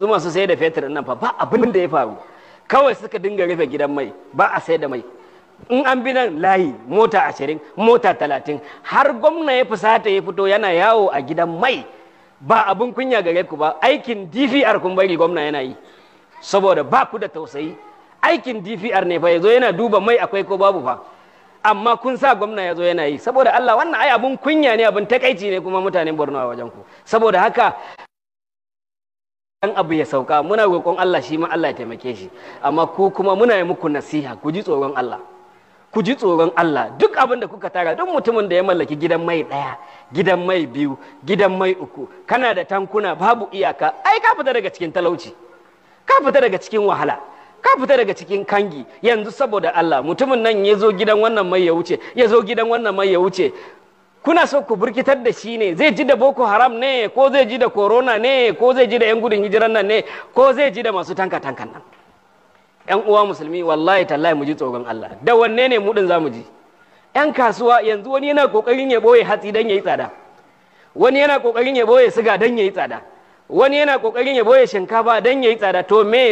su masu sai da fetur nan fa ba abin da ya faru kawai suka dinga rufe gidan mai ba a sai da mai in an bi nan layi mota ashirin mota talatin har gwamna ya fusata ya fito yana yawo a gidan mai ba abin kunya gare ku ba aikin dvr kun bari gwamna yana yi saboda ba ku da tausayi aikin dvr ne fa ya zo yana duba mai akwai ko babu fa amma kun sa gwamna ya zo yana yi saboda allah wannan ai abin kunya ne abin takaici ne kuma mutanen borno a wajen ku saboda haka dan abu ya sauka muna roƙon Allah shi ma Allah ya taimake shi amma ku kuma muna yi muku nasiha ku ji tsoron Allah ku ji tsoron Allah duk abin da kuka tara duk mutumin da ya mallaki gidan mai ɗaya gidan mai biyu gidan mai uku kana da tankuna babu iyaka ai ka fita daga cikin talauci ka fita daga cikin wahala ka fita daga cikin kangi yanzu saboda Allah mutumin nan ya zo gidan wannan mai ya wuce ya zo gidan wannan mai ya wuce kuna so ku burkitar da shi ne zai ji da boko haram ne ko zai ji da corona ne ko zai ji da yan gudun hijiran nan ne ko zai ji da masu tanka tankan nan yan uwa musulmi wallahi tallahi mu ji tsoron Allah da wanne ne mu din zamu ji yan kasuwa yanzu wani yana kokarin ya boye hatsi dan yayi tsada wani yana kokarin ya boye siga dan yayi tsada wani yana kokarin ya boye shinkafa dan yayi tsada to me